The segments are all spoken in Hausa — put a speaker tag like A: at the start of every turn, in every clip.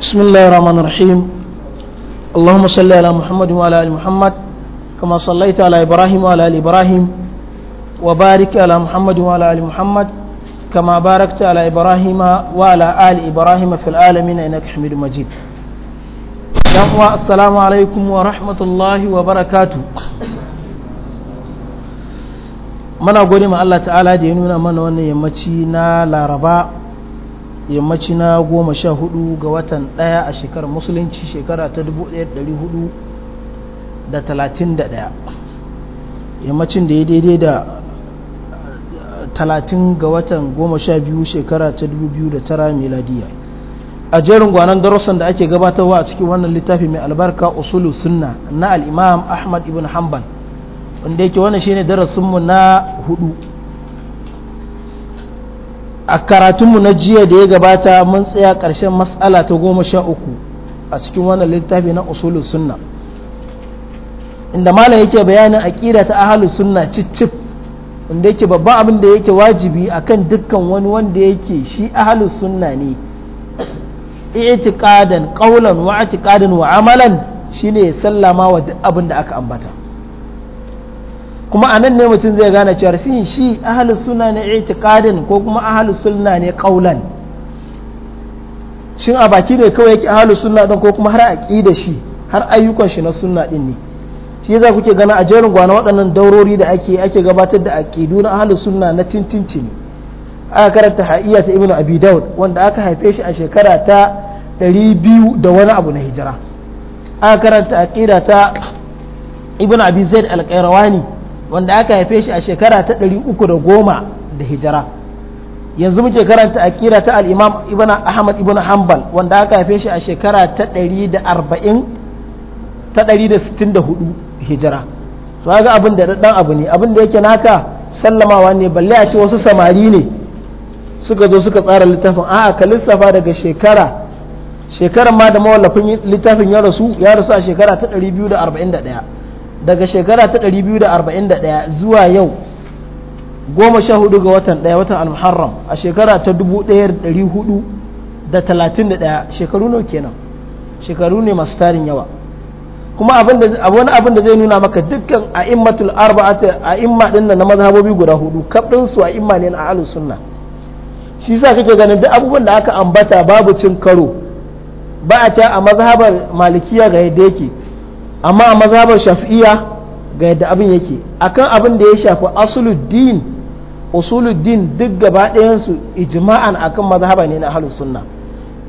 A: بسم الله الرحمن الرحيم اللهم صل على محمد وعلى ال محمد كما صليت على ابراهيم وعلى ال ابراهيم وبارك على محمد وعلى ال محمد كما باركت على ابراهيم وعلى ال ابراهيم في العالمين انك حميد مجيد السلام عليكم ورحمه الله وبركاته muna gode ma Allah ta'ala da ya nuna mana wannan yammaci na laraba yammaci na goma sha hudu ga watan daya a shekarar musulunci shekara ta dubu da da dari hudu talatin daya yammacin da ya daidai da eh, talatin ga watan goma sha biyu shekara ta dubu biyu da tara miladiya a jerin gwanon darussan da ake gabatarwa a cikin wannan littafi mai albarka usulu sunna na al'imam ahmad ibn hanbal wanda yake wannan shine darasinmu na hudu a karatunmu na jiya da ya gabata mun tsaya ƙarshen matsala ta goma sha uku a cikin wannan littafi na usulul sunna inda malam yake bayanin aƙida ta ahalus sunna cicif inda yake babban abin da yake wajibi akan dukkan wani wanda yake shi ahalus sunna ne i'tiqadan qawlan wa i'tiqadan wa amalan shine ya sallama wa duk abin da aka ambata kuma anan ne mutum zai gane cewa sin shi ahlus sunna ne itiqadin ko kuma ahlus sunna ne qaulan shin a baki ne kawai yake ahlus sunna din ko kuma har aqida shi har ayyukan shi na sunna din ne shi yasa kuke gana a jerin gwana waɗannan daurori da ake ake gabatar da aqidu na ahlus sunna na tintintini aka karanta ha'iyya ta ibnu abi daud wanda aka haife shi a shekara ta 200 da wani abu na hijira aka karanta aqida ta ibnu abi zaid al-qayrawani wanda aka haife shi a shekara ta ɗari uku da goma da hijira yanzu muke karanta akira ta alimam ibn ahmad ibn hanbal wanda aka haife shi a shekara ta ɗari da arba'in ta ɗari da da sittin hudu hijira to ga abin da ɗaɗɗan abu ne abin da yake naka sallamawa ne balle a ce wasu samari ne suka zo suka tsara littafin a'a ka lissafa daga shekara shekarar ma da mawallafin littafin ya rasu ya rasu a shekara ta ɗari biyu da da arba'in ɗaya. daga shekara ta 241 zuwa yau goma sha hudu ga watan ɗaya watan al-muharram a shekara ta 1431 shekaru nawa kenan shekaru ne masu tarin yawa kuma wani abin da zai nuna maka dukkan a'immatul arba'ata a'imma din nan na mazhabobi guda hudu kabdin su imma ne na ahlus sunna shi yasa kake ganin duk abubuwan da aka ambata babu cin karo ba a ta a mazhabar malikiya ga yadda yake amma a mazhabar shafi'iyya ga yadda abin yake akan abin da ya shafi asuluddin usuluddin duk gaba ɗayansu ijma'an akan mazhaba ne na ahlus sunna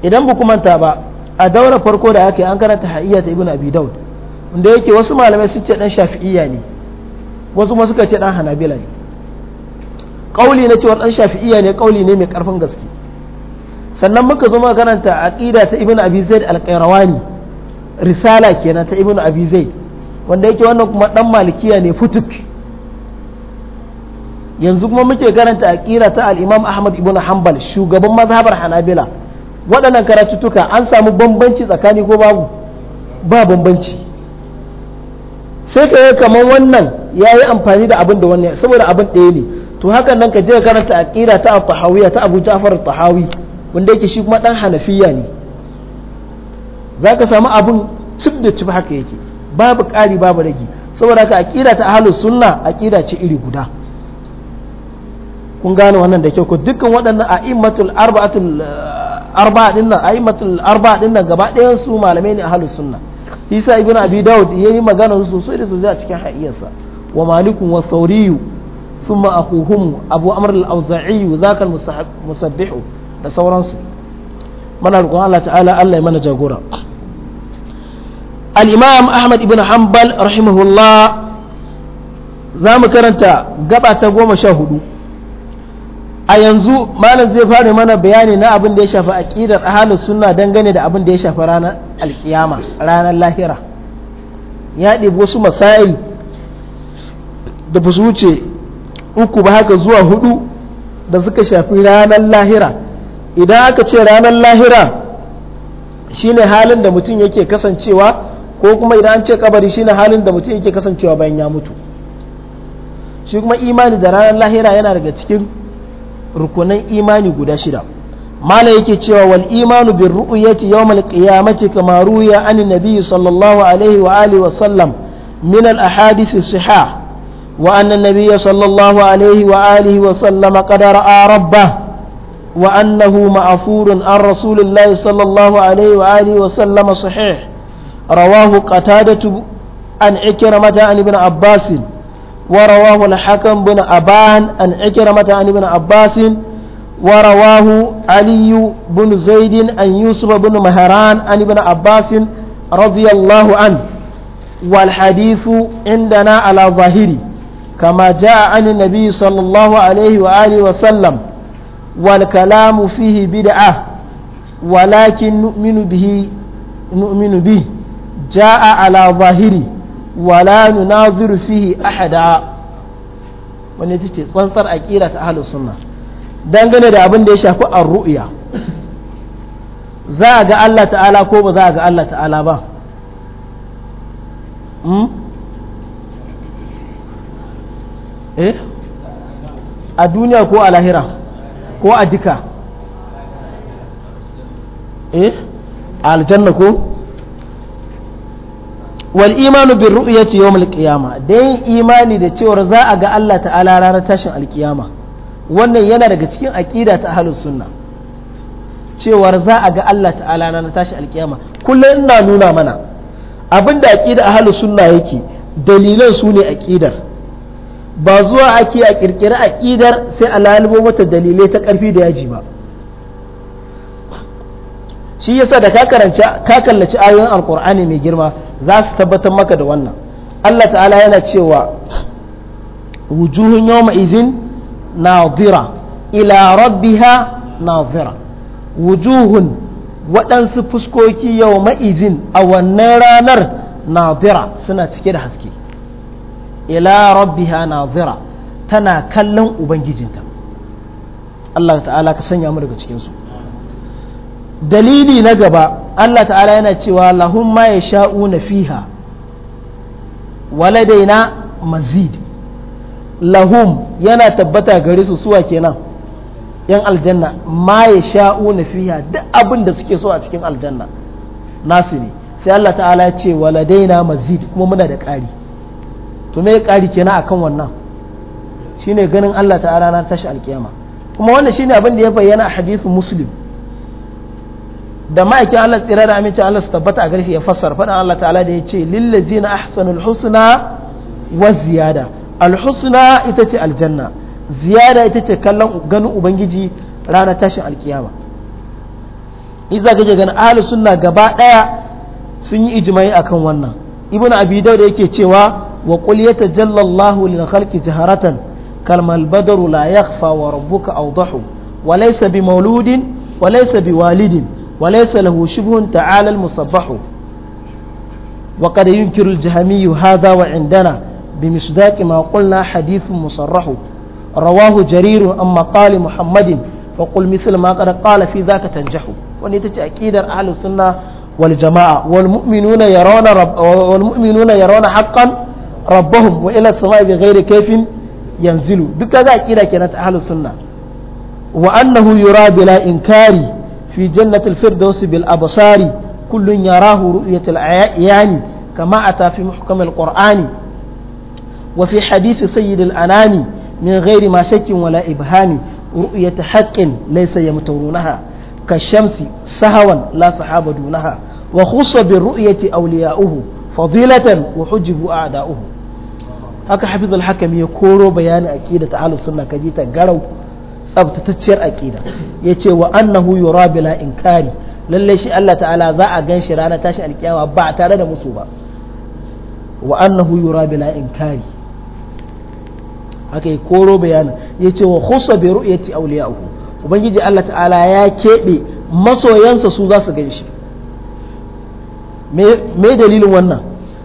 A: idan ba manta ba a daura farko da aka yi an karanta ha'iyya ta ibn abi daud inda yake wasu malamai sun ce dan shafi'iyya ne wasu ma suka ce dan hanabila ne kauli na cewa dan shafi'iyya ne kauli ne mai karfin gaske sannan muka zo muka karanta aqida ta ibnu abi zaid al-qayrawani risala kenan ta ibn abi zaid wanda yake wannan kuma dan malikiya ne futuk yanzu kuma muke karanta aqira ta al-imam ahmad ibn hanbal shugaban mazhabar hanabila waɗannan karatuttuka an samu bambanci tsakani ko babu ba bambanci sai ka yi kamar wannan ya yi amfani da abin da wannan saboda abin ɗaya ne to hakan nan ka je karanta aqira ta al-tahawiyya ta abu ja'far al-tahawi wanda yake shi kuma dan hanafiya ne za ka samu abin cif da cif haka yake babu ƙari babu rage saboda ka aƙida ta ahlus sunna aƙida ce iri guda kun gane wannan da kyau ko dukkan waɗannan a'immatul arba'atul eh, arba'a din nan a'immatul arba'a din nan gaba ɗayan su malamai ne ahalus sunna Isa ibn Abi Dawud yayi magana su sosai da sosai a cikin hayyarsa wa malikun wa thawriyu thumma akhuhum Abu Amr al-Awza'i zaka al-musabbihu da sauransu mana roƙon Allah ta'ala Allah ya mana jagora al-imam ahmad ibn hanbal rahimahullah za mu karanta gaba ta goma sha hudu a yanzu malam zai fara mana bayani na abin da ya shafi aqidar ahlus sunna dangane da abin da ya shafi ranar alkiyama ranar lahira ya ɗebi wasu masail da ba su wuce uku ba haka zuwa hudu da suka shafi ranar lahira idan aka ce ranar lahira shine halin da mutum yake kasancewa ko kuma idan an ce kabari shine halin da mutum yake kasancewa bayan ya mutu shi kuma imani da ranar lahira yana daga cikin rukunan imani guda shida mala yake cewa wal imanu bi ru'yati yawmal qiyamati kama ruya an nabi sallallahu alaihi wa alihi wa sallam min al ahadith sihah wa anna an sallallahu alaihi wa alihi wa sallam qad ra'a rabbah wa annahu ma'furun an rasulillahi sallallahu alaihi wa alihi wa sallam sahih رواه قتادة عن عكرمة عن ابن عباس ورواه الحكم بن أبان عن عكرمة عن ابن عباس ورواه علي بن زيد عن يوسف بن مهران عن ابن عباس رضي الله عنه والحديث عندنا على ظاهره كما جاء عن النبي صلى الله عليه وآله وسلم والكلام فيه بدعة ولكن نؤمن به نؤمن به جاء على ظاهري ولا نناظر فيه ahada wani ita ce tsantsar aƙira ta ahlus sunna dangane da abin da ya shafi ar-ru'ya za a ga Allah ta'ala ko ba za a ga Allah ta'ala ba eh a duniya ko a lahira ko a duka eh aljanna ko wal imanu bin ru'yati yawm al-qiyama da yin imani da cewa za a ga Allah ta'ala ranar tashin alkiyama wannan yana daga cikin aqida ta ahlus sunna cewar za a ga Allah ta'ala ranar tashin alkiyama kullum ina nuna mana abinda aqida ahlus sunna yake dalilan su ne aqidar ba zuwa ake a kirkiri aqidar sai a lalubo mata dalilai ta karfi da yaji ba shi yasa da ka karanta ka kallaci ayoyin Alƙur'ani mai girma za su tabbatar maka da wannan Allah ta'ala yana cewa wujuhun yawma na zira, ila rabbiha zira. wujuhun waɗansu fuskoki yawma izin a wannan ranar na zira suna cike da haske ila rabbiha zira tana kallon ubangijinta Allah ta'ala ka sanya mu daga cikinsu dalili na gaba Allah ta'ala yana cewa lahum ma ya na fiha waladaina mazid lahum yana tabbata gare su suwa kenan yan aljanna ma ya na fiha duk abin da suke so a cikin aljanna nasu sai Allah ta'ala ya ce waladaina mazid kuma muna da ƙari to me ƙari kenan akan wannan shine ganin Allah ta'ala na tashi alkiyama kuma wannan shine abin da ya bayyana a hadithin muslim da ma'aikin Allah tsira da amince Allah su tabbata a garshi ya fassara faɗin Allah ta'ala da ya ce lillazina ahsanul husna wa ziyada alhusna ita ce aljanna ziyada ita ce kallon ganin ubangiji ranar tashin alkiyama iza kake ganin ahli sunna gaba daya sun yi ijma'i akan wannan ibnu abi dawud yake cewa wa qul yatajalla Allahu lil khalqi jaharatan kalmal badru la yakhfa wa rabbuka awdahu wa laysa bi mawludin wa laysa bi walidin وليس له شبه تعالى المصبح وقد ينكر الجهمي هذا وعندنا بمصداق ما قلنا حديث مصرح رواه جرير أما قال محمد فقل مثل ما قد قال في ذاك تنجح ونتج أكيد أهل السنة والجماعة والمؤمنون يرون رب والمؤمنون يرون حقا ربهم وإلى السماء بغير كيف ينزلوا دكا أكيد كانت أهل السنة وأنه يرى بلا إنكار في جنة الفردوس بالأبصار كل يراه رؤية العيان كما أتى في محكم القرآن وفي حديث سيد الأنام من غير ما شك ولا إبهام رؤية حق ليس يمتونها كالشمس سهوا لا صحاب دونها وخص بالرؤية أولياؤه فضيلة وحجب أعداؤه هكا حفظ الحكم يكورو بيان أكيد تعالى سنة كجيتا قالوا tsabtatacciyar aqida yace wa annahu yura bila inkari lalle shi Allah ta'ala za a gan shi ranar tashi alkiyama ba tare da musu ba wa annahu yura bila inkari haka yi koro bayanin ya ce wa khusa bi ru'yati awliya'uhu ubangiji Allah ta'ala ya keɓe masoyansa su za su gan shi me dalilin wannan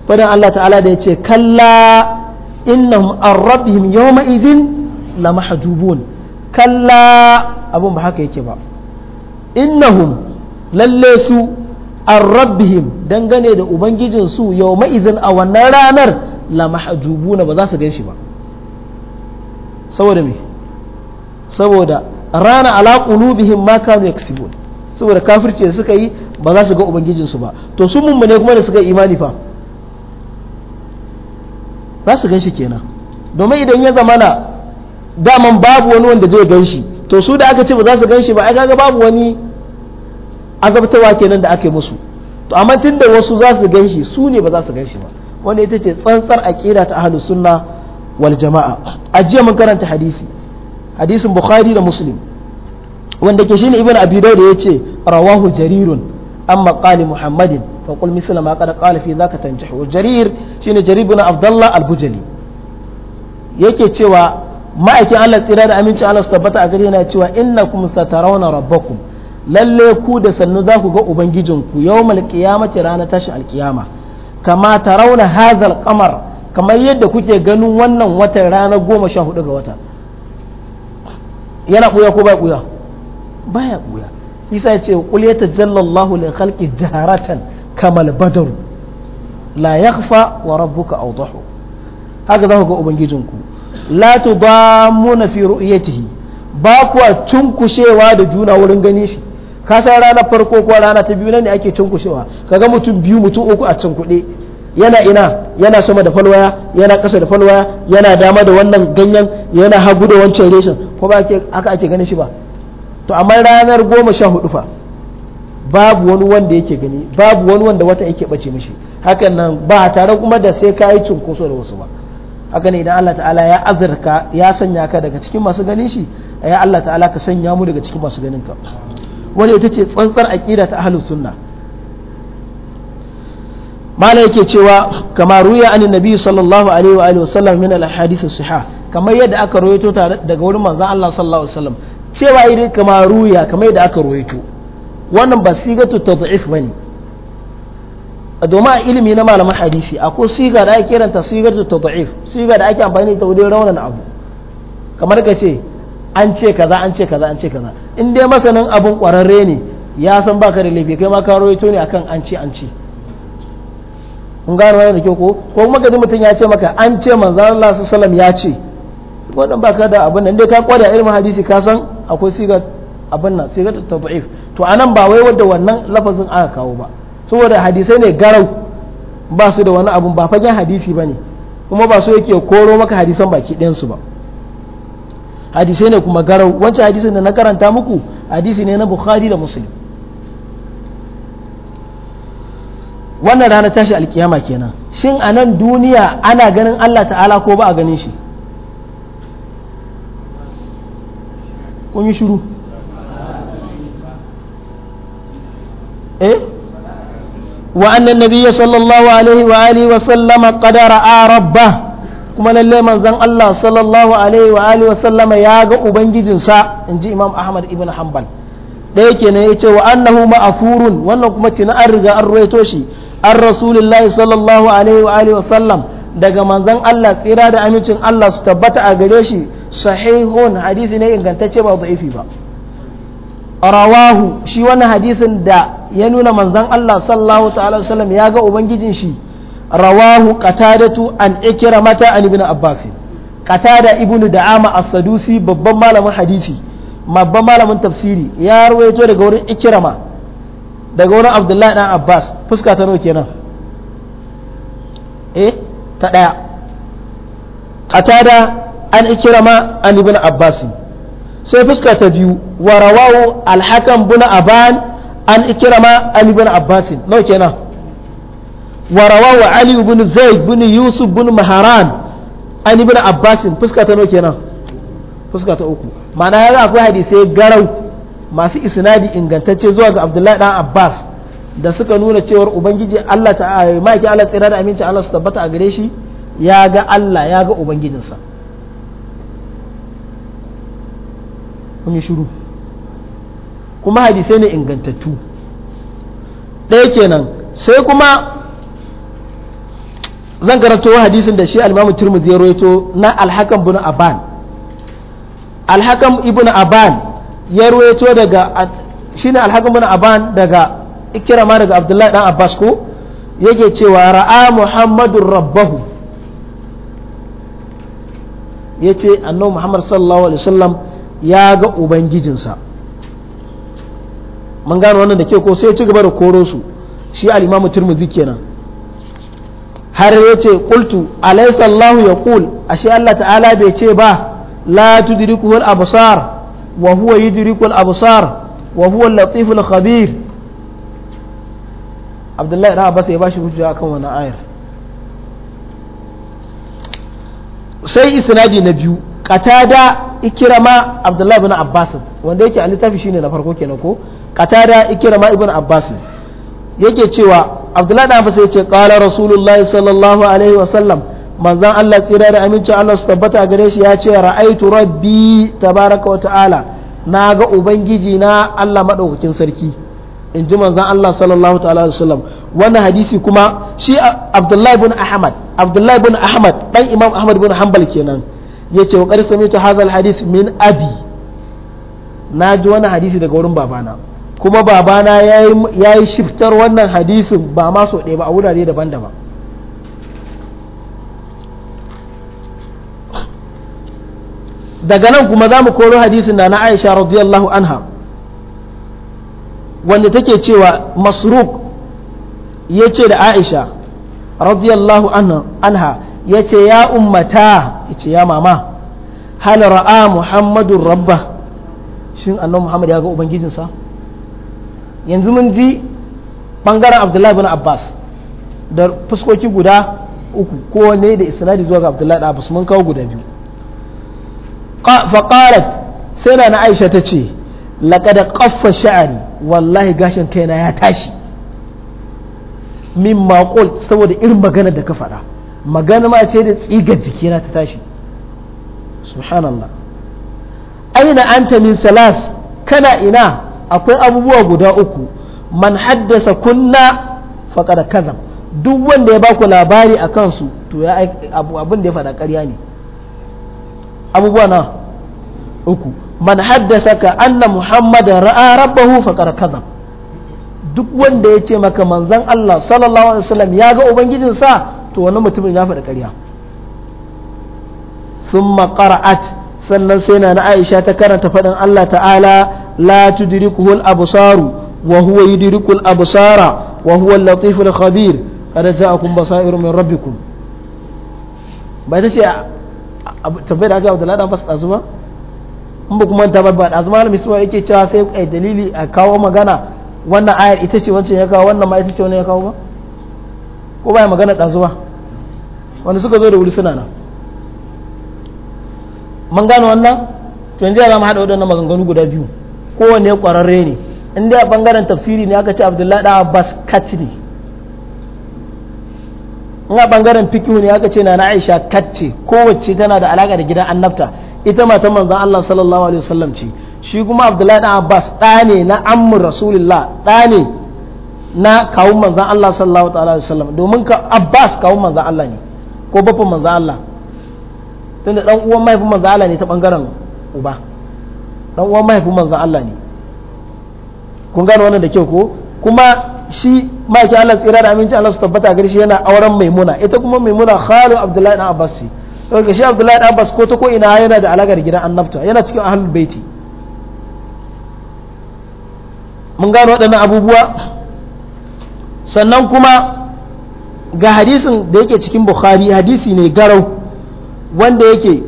A: fadan Allah ta'ala da ya ce kalla innahum arrabbihim yawma idhin la mahjubun kalla abin ba haka yake ba innahum lalle su an rabbihim dangane da ubangijinsu yau ma'izin a wannan ranar la ba za su ganshi ba saboda me saboda rana ala qulubihim ma kanu yaksibun saboda kafirci da suka yi ba za su ga ubangijinsu ba to su ne kuma da suka yi imani fa za su ganshi kenan domin idan ya zamana daman babu wani wanda zai gan shi to su da aka ce ba za su gan shi ba ai kaga babu wani azabtawa kenan da aka yi musu to amma da wasu za su gan shi su ne ba za su gan shi ba wanda ita ce tsantsar aqida ta ahlus sunna wal jama'a ajiya mun karanta hadisi hadisin bukhari da muslim wanda ke shine ibnu abi dawud ce rawahu jarirun amma qali muhammadin fa qul misla ma qad qala fi zaka tanjahu jarir shine jarir abdullah al-bujali yake cewa ma'aikin Allah tsira da amincin Allah su tabbata a gare yana cewa innakum satarawna rabbakum lalle ku da sannu za ku ga ubangijinku yawmal qiyamati ranar tashi alkiyama kama tarawna hazal qamar kamar yadda kuke ganin wannan watan ranar goma sha hudu ga wata yana ɓuya ko ba ɓuya baya ɓuya isa ya ce kul ya tajallallahu li khalqi jaharatan kamal badar la yakhfa wa rabbuka awdahu haka za ku ga ubangijinku la tudammuna fi ru'yatihi ba kuwa cunkushewa da juna wurin gani shi ka san ranar farko ko rana ta biyu nan ne ake cunkushewa kaga mutum biyu mutum uku a cunkuɗe yana ina yana sama da falwaya yana ƙasa da falwaya yana dama da wannan ganyen yana hagu da wancan reshen ko ba aka ake ganin shi ba to amma ranar goma sha hudu fa babu wani wanda yake gani babu wani wanda wata yake bace mishi hakan nan ba tare kuma da sai ka yi cunkoso da wasu ba haka ne idan Allah ta'ala ya azurka ya sanya ka daga cikin masu ganin shi ya Allah ta'ala ka sanya mu daga cikin masu ganin ka wani ita ce tsantsar aqida ta ahlus sunna mala yake cewa kama ruya anin nabi sallallahu alaihi wa alihi wasallam min al hadith sihah kamar yadda aka ruwaito daga wurin manzon Allah sallallahu alaihi wasallam cewa idan kama ruya kamar yadda aka ruwaito wannan ba sigatu tad'if bane domin a ilimi na malaman hadisi akwai siga da ake kiranta sigar ta tad'if siga da ake amfani ta wajen raunan abu kamar ka ce an ce kaza an ce kaza an ce kaza in dai masanin abun kwararre ne ya san baka da laifi kai ma ka rawaito ne akan an ce an ce kun gano wannan da kyau ko ko kuma kaji mutum ya ce maka an ce manzon Allah sallallahu alaihi ya ce wannan baka da abin nan dai ka kware a ilmin hadisi ka san akwai siga abin nan sigar ta tad'if to anan ba wai wanda wannan lafazin aka kawo ba saboda hadisai ne garau ba su da wani abun ba fagen hadisi ba ne kuma ba su yake koro maka hadisan baki ɗayansu ba hadisai ne kuma garau wancan hadisin da na karanta muku hadisi ne na bukhari da musulmi wannan rana tashi alkiyama kenan shin a nan duniya ana ganin allah ta'ala ko ba a ganin shi kun yi shuru وأن النبي صلى الله عليه وآله وسلم قد رأى ربه كما لله من زن الله صلى الله عليه وآله وسلم ياغا أبنجي إنجي إمام أحمد ابن حنبل da yake ne ya ce wa annahu ma'afurun wannan kuma tina an riga an ruwaito shi an rasulillahi sallallahu alaihi wa alihi daga manzon Allah tsira da amincin Allah su tabbata a gare shi sahihun hadisi ne ingantacce ba da'ifi ba rawahu shi wani hadisin da ya nuna manzan Allah sallallahu ta'ala wasallam ya ga ubangijin shi rawahu qatadatu an ikira mata an ibn abbas qatada ibnu da'ama as-sadusi babban malamin hadisi babban malamin tafsiri ya rawaito daga wurin ikirama daga wurin abdullahi dan abbas fuska ta nawa kenan eh ta daya qatada an ikirama an ibn abbas sai fuska ta biyu wa alhakan al-hakam bin aban an ikrama ali bin abbas nawa kenan wa rawahu ali bin zaid bin yusuf bin maharan an ibn abbas fuska ta nawa kenan uku ma'ana ya akwai hadisai garau masu isnadi ingantacce zuwa ga abdullahi dan abbas da suka nuna cewar ubangiji Allah ta maki Allah tsira da aminci Allah su tabbata a gare shi ya ga Allah ya ga ubangijinsa kun yi shiru kuma hadisai ne ingantattu ɗaya kenan sai kuma zan karanto hadisin da shi al turmi tirmidhi ya rawaito na al-hakam ibn aban al ibn aban ya rawaito daga shine al-hakam ibn aban daga ikirama daga abdullahi dan abbas ko yake cewa ra'a muhammadur rabbahu ce annabi muhammad sallallahu alaihi wasallam ya ga ubangijinsa mun gano wannan da ke ko sai ya ci gaba da koro su shi al-imamu turmuzi kenan har ya ce qultu alaysa allah yaqul ashe allah ta'ala bai ce ba la tudrikuhu al-absar wa huwa yudriku al-absar wa huwa al-latif al-khabir abdullahi da abbas ya bashi hujja akan wannan ayar sai isnadi na biyu Katada Ikirama abdullah ibn abbas wanda yake a littafi shine na farko kenan ko Katada Ikirama ibn abbas yake cewa abdullah ibn abbas yace qala rasulullah sallallahu alaihi wa sallam manzon Allah tsira da amincin Allah su tabbata a gare shi ya ce ra'aitu rabbi tabaraka wa ta'ala na ga ubangiji na Allah madaukakin sarki in ji manzan Allah sallallahu ta'ala wa sallam wannan hadisi kuma shi Abdullahi bin Ahmad Abdullahi bin Ahmad dan Imam Ahmad bin Hanbal kenan ya ce wa qad sami'tu hadha hadith min abi na ji wani hadisi daga wurin babana kuma babana ya yi shiftar wannan hadisin ba ma so ɗaya ba a wurare daban-daban daga nan kuma za mu koro hadisin na na aisha radiyallahu anha wanda take cewa masruk ya ce da aisha radiyallahu anha ya ce ya ummata ya ce ya mama hal ra'a muhammadun rabba shin annan muhammad ya ga ubangijinsa yanzu mun ji bangaren abdullahi bin abbas da fuskoki guda uku kowane da isnadi zuwa ga abdullahi da abbas mun kawo guda biyu faƙarat sai na aisha ta ce laƙada ƙaffa sha'ani wallahi gashin kaina ya tashi min maƙol saboda irin maganar da ka faɗa magana ma ce da tsigar jikina ta tashi subhanallah aina anta min salas kana ina akwai abubuwa guda uku man haddasa kunna faqad kazam duk wanda ya baku labari a kansu to ya abin da ya faɗa ƙarya ne abubuwa na uku man haddasa ka anna muhammadan ra'a rabbahu faqad kazam duk wanda ya ce maka manzon Allah sallallahu alaihi wasallam ya ga ubangijinsa to wannan mutumin ya faɗi ƙarya sun maƙara'at sannan sai na na aisha ta karanta faɗin allah ta'ala la tudrikuhul absaru wa huwa yudrikul absara wa huwa al-latiful khabir kada ja'akum basairu min rabbikum ba ta ce tabbai da aka yi abdullahi da ba su ɗazu ba in ba kuma ta ba ɗazu malami suwa yake cewa sai a dalili a kawo magana wannan ayar ita ce wancan ya kawo wannan ma ita ce wani ya kawo ba ko ba ya magana ɗazu ba wanda suka zo da wuri suna nan mun gano wannan to yanzu za mu haɗa waɗannan maganganu guda biyu kowanne ƙwararre ne in dai a ɓangaren tafsiri ne aka ce abdullahi ɗan abbas kat ne in a ɓangaren fikihu ne aka ce na na aisha kat ce kowace tana da alaƙa da gidan annabta ita matan manzan allah sallallahu alaihi wasallam ce shi kuma abdullahi ɗan abbas ɗa ne na ammu rasulillah ɗa ne na kawun manzan allah sallallahu alaihi wasallam domin ka abbas kawun manzan allah ne ko baffan manzo Allah tunda dan uwan mahaifin manzo Allah ne ta bangaren uba dan uwan mahaifin manzo Allah ne kun gano wannan da kyau ko kuma shi ma'aikin Allah tsira da aminci Allah su tabbata gari shi yana auren maimuna ita kuma maimuna khalu abdullahi na abbas to ga shi abdullahi na abbas ko ta ko ina yana da alagar gidan annabta yana cikin ahlul baiti mun gano waɗannan abubuwa sannan kuma ga hadisin da yake cikin bukhari hadisi ne garau wanda yake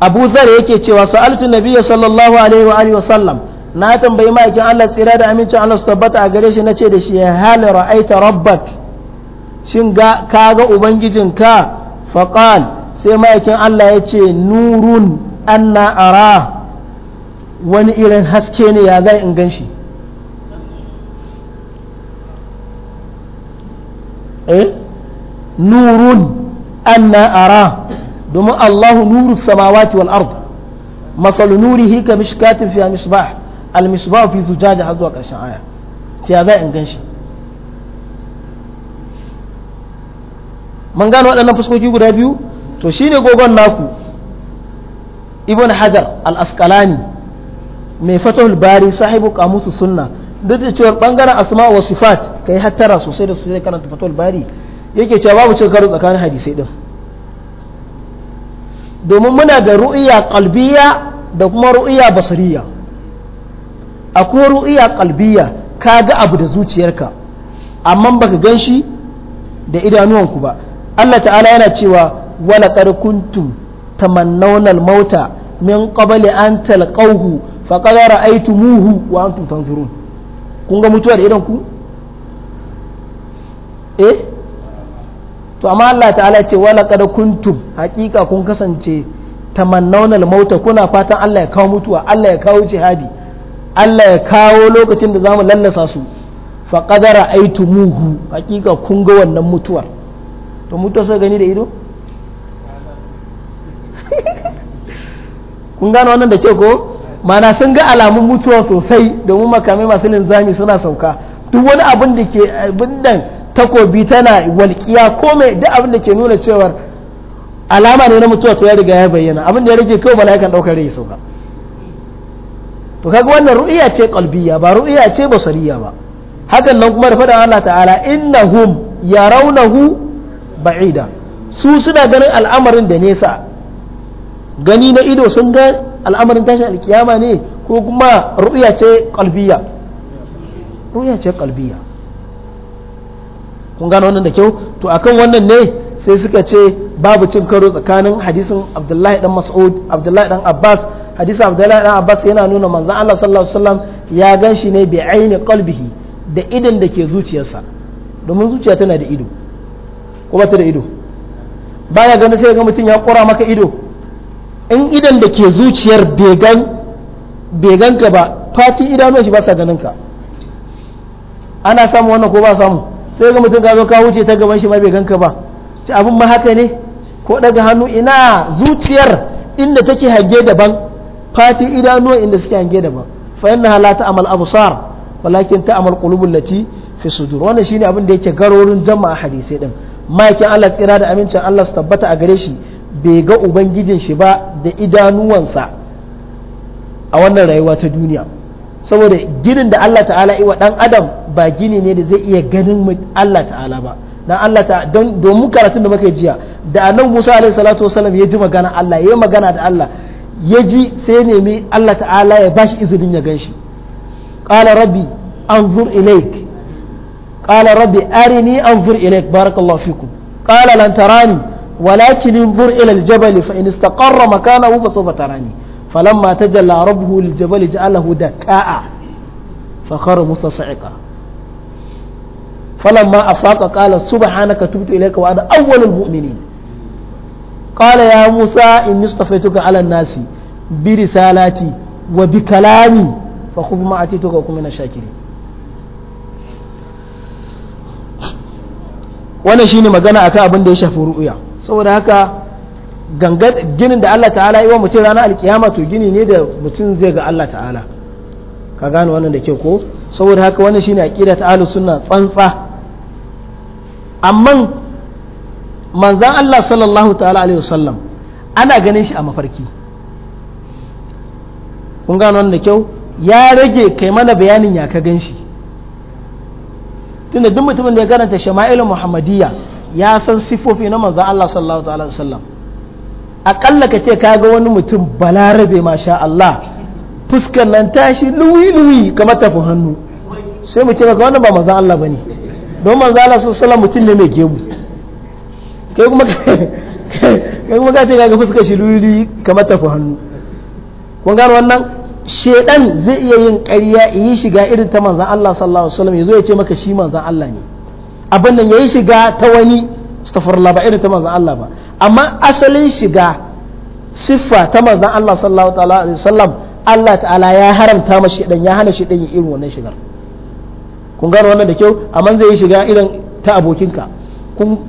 A: abu zar yake cewa sa'altu nabiyya sallallahu alaihi wa alihi wasallam na tambayi ma'aikin Allah tsira da amincin Allah su tabbata a gare shi ce da shi ya hali ra'aita rabbak shin ga ubangijin ka faqal sai ma'aikin Allah ya ce nurun anna ara wani irin haske ne ya zai in gan shi Eh? nurun anna ara domin Allahu nuru samawati wal ard nuri nurihi ka mishkatin fiha misbah al misbah fi zujaja har zuwa karshen aya ce za in ganshi mun gano waɗannan fuskoki guda biyu to shine gogon naku ibn hajar al asqalani mai fatahul bari sahibu kamusu sunna duk da cewar bangaren asma wa sifat kai hattara sosai da sosai karanta fatul bari yake cewa babu cin karo tsakanin hadisai din domin muna da ru'iya qalbiyya da kuma ru'iya basariya akwai ru'iya qalbiyya ka ga abu da zuciyarka amma baka gan shi da idanuwanku ba Allah ta'ala yana cewa wala kuntum tamannawna al-mauta min qabli an talqawhu faqad ra'aytumuhu wa antum tanzurun kun ga mutuwa idan ku eh to amma Allah ta'ala ce wala kada kuntum hakika kun kasance tamannawna mauta kuna fatan Allah ya kawo mutuwa Allah ya kawo jihadi Allah ya kawo lokacin da zamu lallasa su fa qadara aitumuhu hakika kun ga wannan mutuwar to mutuwa sai gani da ido kun gano wannan da ke ko mana sun ga alamun mutuwa sosai domin makamai masu linzami suna sauka duk wani abin da ke abin da takobi tana walƙiya ko mai duk abin da ke nuna cewar alama ne na mutuwa to ya riga ya bayyana abin da ya rage kawai mala'ikan ɗaukar rai sauka to kaga wannan ru'iya ce qalbiyya ba ru'iya ce basariya ba hakan nan kuma da faɗin Allah ta'ala innahum yarawnahu ba'ida su suna ganin al'amarin da nesa gani na ido sun ga al'amarin tashin alkiyama ne ko kuma ru'ya ce kalbiya, ru'ya ce kalbiya. kun gano wannan da kyau to akan wannan ne sai suka ce babu cin karo tsakanin hadisin Abdullahi dan Mas'ud Abdullahi dan Abbas hadisin Abdullahi dan Abbas yana nuna manzon Allah sallallahu alaihi wasallam ya ganshi ne bi aini qalbihi da idan da ke zuciyarsa domin zuciya tana da ido ko ba ta da ido baya ganin sai ga mutum ya kura maka ido in idan da ke zuciyar began ka ba fati idanuwa shi ba sa ganin ka ana samu wannan ko ba samu sai ga mutum ka zo ka wuce ta gaban shi ma began ka ba ci abin ma haka ne ko daga hannu ina zuciyar inda take hange daban fati idanuwa inda suke hange daban fa inna la amal absar walakin amal qulubul lati fi sudur wannan shine abin da yake garorin jama'a hadisai din ma'aikin Allah tsira da amincin Allah su tabbata a gare shi bai ga ubangijin shi ba da idanuwansa a wannan rayuwa ta duniya saboda ginin da Allah ta'ala iwa dan adam ba gini ne da zai iya ganin Allah ta'ala ba dan Allah ta don domin karatun da muka jiya da annabi Musa alaihi salatu wasallam ya ji magana Allah ya magana da Allah ya ji sai ya nemi Allah ta'ala ya bashi izinin ya shi qala rabbi anzur ilaik qala rabbi arini anzur ilaik barakallahu fikum qala lan tarani walakin inzur ila aljabal fa in istaqarra makanahu fa sawfa tarani falamma tajalla rabbuhu liljabal ja'alahu dakka'a fa musa sa'iqa فلما أفاق قال سبحانك تبت إليك وأنا أول المؤمنين قال يا موسى إني اصطفيتك على الناس برسالاتي وبكلامي فخذ ما أتيتك وكن من الشاكرين wannan shine magana akan abin da ya shafi ru'uya saboda haka ginin da Allah ta'ala yi wa mutum ranar alkiyama to gini ne da mutum zai ga Allah ta'ala ka gano wannan da ke ko saboda haka wannan shine aqida ta ahlus sunna tsantsa amma manzan Allah sallallahu ta'ala alaihi wasallam ana ganin shi a mafarki kun gano wannan da kyau ya rage kai mana bayanin ya ka gan shi tunda duk mutumin da ya karanta shama'ilul muhammadiyya ya san sifofi na manzan Allah sallallahu alaihi sallam aƙalla ka ce kaga wani mutum balarabe masha Allah fuskar nan tashi luwi-luwi kamar tafi hannu sai mu ce ga wannan ba manzan Allah ba ne don manzan Allah sallallahu ta'ala mutum ne mai gebu kai kuma kai kuma ka ce kaga fuskar shi luwi-luwi kamar tafi hannu kun gano wannan shedan zai iya yin ƙarya yi shiga irin ta manzan Allah sallallahu ta'ala ya zo ya ce maka shi manzan Allah ne abin nan yi shiga ta wani astaghfirullah ba irin ta manzan Allah ba amma asalin shiga siffa ta manzan Allah sallallahu alaihi wasallam Allah ta'ala ya haramta ma dan ya hana shi yi irin wannan shigar kun gano wannan da kyau amma zai yi shiga irin ta abokinka kun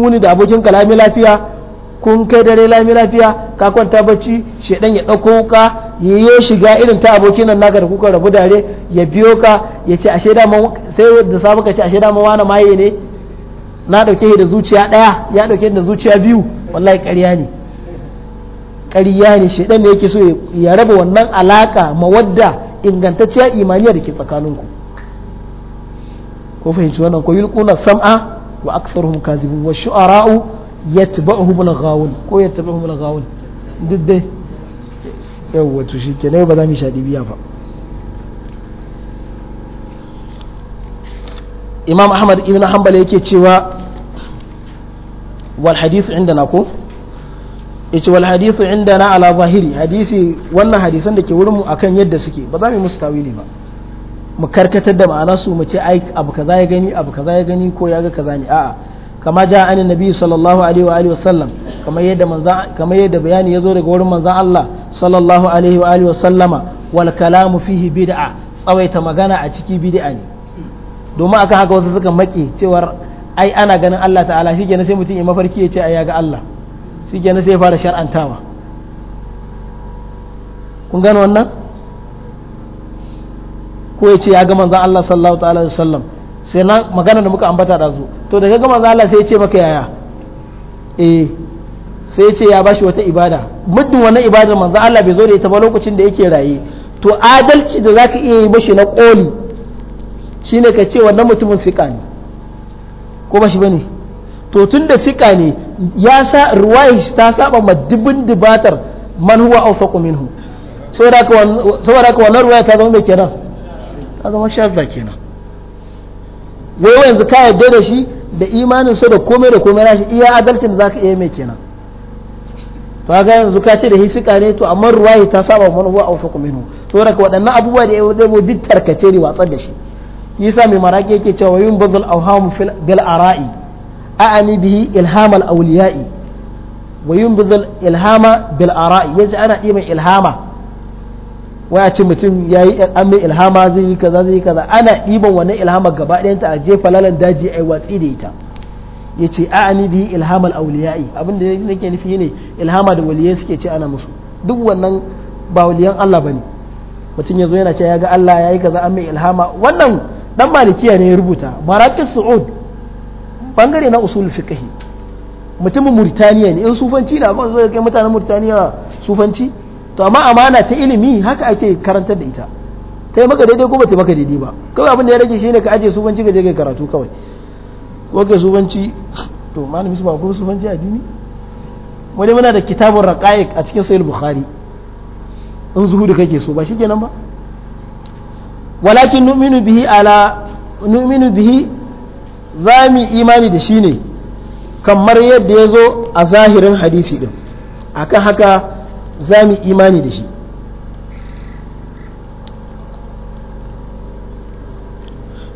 A: wuni da abokinka lafiya kun kai dare lami lafiya ka kwanta bacci shedan ya dauko wuka ya shiga irin ta abokin nan naka da kuka rabu dare ya biyo ka ya ce ashe sai da sabu ka ce ashe da wani maye ne na dauke da zuciya daya ya dauke da zuciya biyu wallahi ƙarya ne ƙarya ne shedan ne yake so ya raba wannan alaka mawadda ingantacciya imaniya da ke tsakaninku ko fahimci wannan ko yulquna sam'a wa aktharuhum kadhibun wa shu'ara'u yatba'uhu al-ghawun ko yatba'uhu al-ghawun duk dai yawa to shikenan ba za mu shaɗi biya ba imam ahmad ibn hanbal yake cewa wal hadith indana ko yace wal hadith indana ala zahiri hadisi wannan hadisan da ke wurin mu akan yadda suke ba za mu musu tawili ba mu karkatar da ma'anarsu su mu ce ai abu kaza ya gani abu kaza ya gani ko ya ga kaza ne a'a kama ja an nabi sallallahu alaihi wa alihi wasallam kamar yadda manzan kamar yadda bayani yazo daga wurin manzan Allah sallallahu alaihi wa alihi wasallama wal kalamu fihi bid'a tsawaita magana a ciki bid'a ne domin akan haka wasu suka maki cewar ai ana ganin Allah ta'ala shi shikenan sai mutum ya mafarki ya ce ai ya ga Allah shikenan sai ya fara shar'antawa kun gano wannan ko ya ce ya ga manzan Allah sallallahu ta'ala alaihi wasallam sai na magana da muka ambata da zu to daga gama zala sai ya ce maka yaya eh sai ya ce ya bashi wata ibada muddin wannan ibadar manzo Allah bai zo da ita ba lokacin da yake raye to adalci da zaka iya yi mashi na koli shine ka ce wannan mutumin fika ne ko ba shi bane to tun da fika ne ya sa ruwayi ta saba ma dubin dubatar man huwa awfaqu minhu saboda ka wannan ruwaya ta zama mai kenan ta zama shafi kenan wai yanzu ka yarda da shi da imanin sa da komai da komai nashi iya adalcin da zaka iya mai kenan to ga yanzu ka ce da hisika ne to amma ruwayi ta saba mana huwa aw minhu to raka waɗannan abubuwa da yau dai duk tarkace ne watsar da shi yasa mai maraki yake cewa yun badal awham fil bil ara'i a'ani bihi ilham al awliya'i wa yun badal ilhama bil ara'i yaji ana iya mai ilhama waya ce mutum ya yi an mai ilhama zai yi kaza zai yi kaza ana ɗiban wannan ilhama gaba ɗayanta a jefa lalan daji a yi watsi da ita ya ce a ani bi ilhamal auliyai abin da nake nufi ne ilhama da waliyai suke ce ana musu duk wannan ba waliyan Allah ba ne mutum yazo yana cewa ya ga Allah ya yi kaza an mai ilhama wannan dan malikiya ne ya rubuta marakis su'ud bangare na usul fiqhi mutumin murtaniya ne in sufanci na ba zai kai mutanen murtaniya sufanci to amma amana ta ilimi haka ake karantar da ita ta yi maka daidai ko ba ta maka daidai ba kawai abin da ya rage shine ka aje subanci ka je karatu kawai ko kai subanci to malami ba ko subanci a duni wani muna da kitabun raqaiq a cikin sahih bukhari in zuhudu kake so ba shikenan ba walakin nu'minu bihi ala nu'minu bihi imani da shi ne kamar yadda ya zo a zahirin hadisi din akan haka za mu imani da shi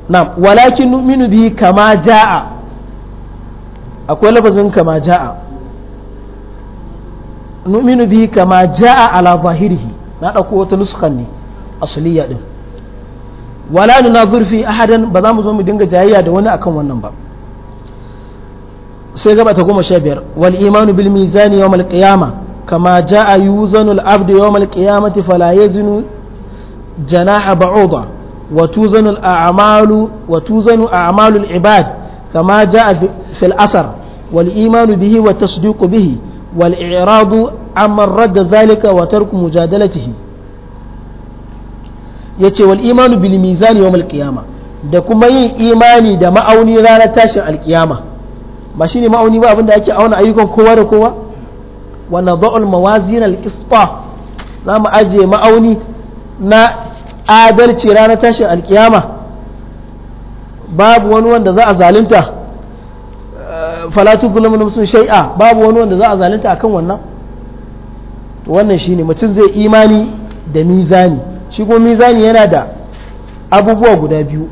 A: na walakin nu'minu bihi kama ja'a akwai lafazin kama ja'a nu'minu bihi kama ja'a ala zahirihi na ɗauko wata nuskan ne asaliya ɗin. wala na zurfi ahadan ba za mu zo mu dinga jayayya da wani akan wannan ba sai gaba ta goma sha biyar wal imanu bil mizani yawmal qiyamah كما جاء يوزن العبد يوم القيامة فلا يزن جناح بعوضة وتوزن الأعمال وتوزن أعمال العباد كما جاء في الأثر والإيمان به والتصديق به والإعراض عمن رد ذلك وترك مجادلته yace wal imanu bil mizan yawm al qiyama da kuma yin imani da ma'auni ranar tashin alkiyama ba shine ma'auni ba abinda ake auna ayyukan kowa da kowa wa nadau mawazin al-qista za mu aje ma'auni na adalci ranar tashin alkiyama babu wani wanda za a zalunta falatu gulamun sun shai'a babu wani wanda za a zalunta akan wannan wannan shine mutum zai imani da mizani shi kuma mizani yana da abubuwa guda biyu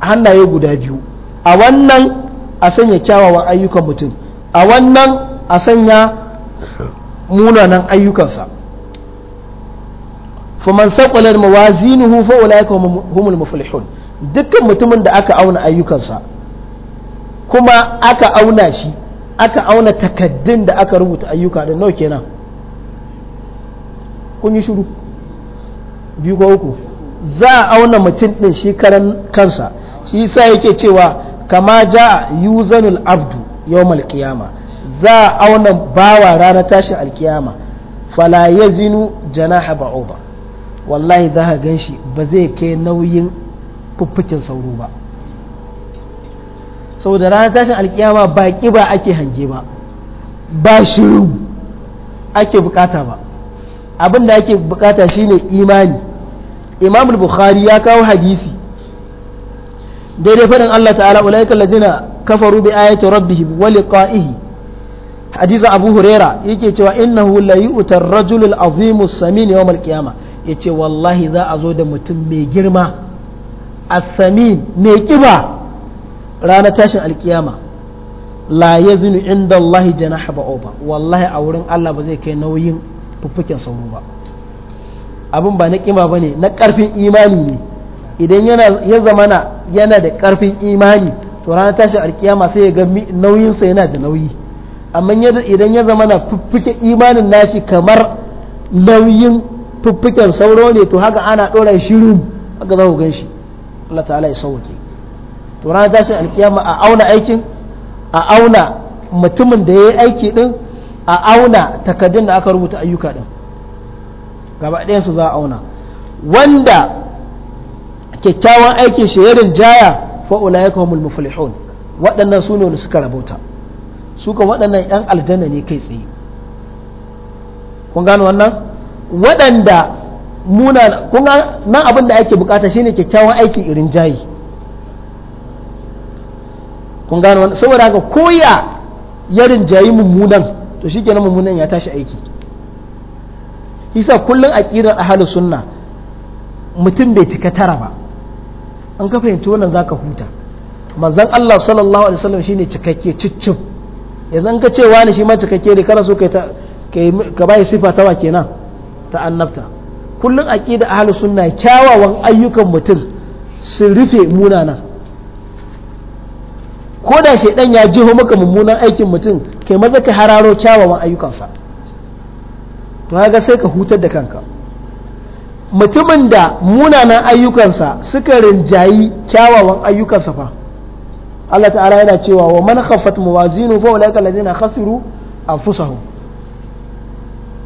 A: hannaye guda biyu a wannan a sanya kyawawan ayyukan mutum a wannan a sanya munanan ayyukansa faman saƙwalar mawazinuhu fa humul muflihun dukkan mutumin da aka auna ayyukansa kuma aka auna shi aka auna takaddun da aka rubuta ayyuka da nawa kenan kun yi shiru biyu ko uku za a auna mutum din shi karan kansa shi yasa yake cewa kama ja yuzanul abdu yawmal qiyamah za a auna bawa ranar tashin alkiyama fala ya zinu janaha ba'uba wallahi za a gan shi ba zai kai nauyin fuffukin sauro ba saboda ranar tashin alkiyama ba ba ake hange ba ba shiru ake bukata ba abin da ake bukata shine imani imam bukhari ya kawo hadisi daidai faɗin allah ta'ala ulaikar lajina kafaru bi ayati rabbihim wa liqa'ihi hadisin abu huraira yake cewa innahu la yu'tar rajulul azim samin yawm al-qiyama yace wallahi za a zo da mutum mai girma as-samin mai kiba ranar tashin alkiyama la yazinu inda jana janaha ba'uba wallahi a wurin Allah ba zai kai nauyin fuffuken sauro ba abin ba na kima ba ne na karfin imani ne idan ya zamana yana da ƙarfin imani to ranar tashin alkiyama sai ya ga nauyinsa yana da nauyi amma idan ya zama na fuffuke imanin nashi kamar nauyin fuffuken sauro ne to haka ana ɗora shiru haka za ku gan shi Allah ta'ala ya sauke to ta tashin alkiyama a auna aikin a auna mutumin da ya yi aiki din a auna takaddun da aka rubuta ayyuka din gaba su za a auna wanda kyakkyawan aikin shi ya rinjaya fa ya muflihun waɗannan su ne wanda suka rabauta su kan waɗannan 'yan aljanna ne kai tsaye kun gano wannan waɗanda muna kun nan abin da ake bukata shine kyakkyawan aiki irin jayi kun gano wannan saboda haka koya yarin jayi mummunan to shi shikenan mummunan ya tashi aiki isa kullum a a ahlus sunna mutum bai cika tara ba an ka fahimci wannan zaka huta manzon Allah sallallahu alaihi wasallam shine cikakke ciccin ya zan ka ce wani shi ma cikakke ne kana so kai ka bai sifa tawa kenan ta annabta kullun aqida ahli sunna kyawawan ayyukan mutum sun rufe munana ko da dan ya jiho maka mummunan aikin mutum kai maza ka hararo kyawawan ayyukansa to haka sai ka hutar da kanka mutumin da munanan ayyukansa suka rinjayi kyawawan ayyukansa fa Allah ta'ala yana cewa wa man khaffat mawazinu fa ulaika alladhina khasiru anfusahum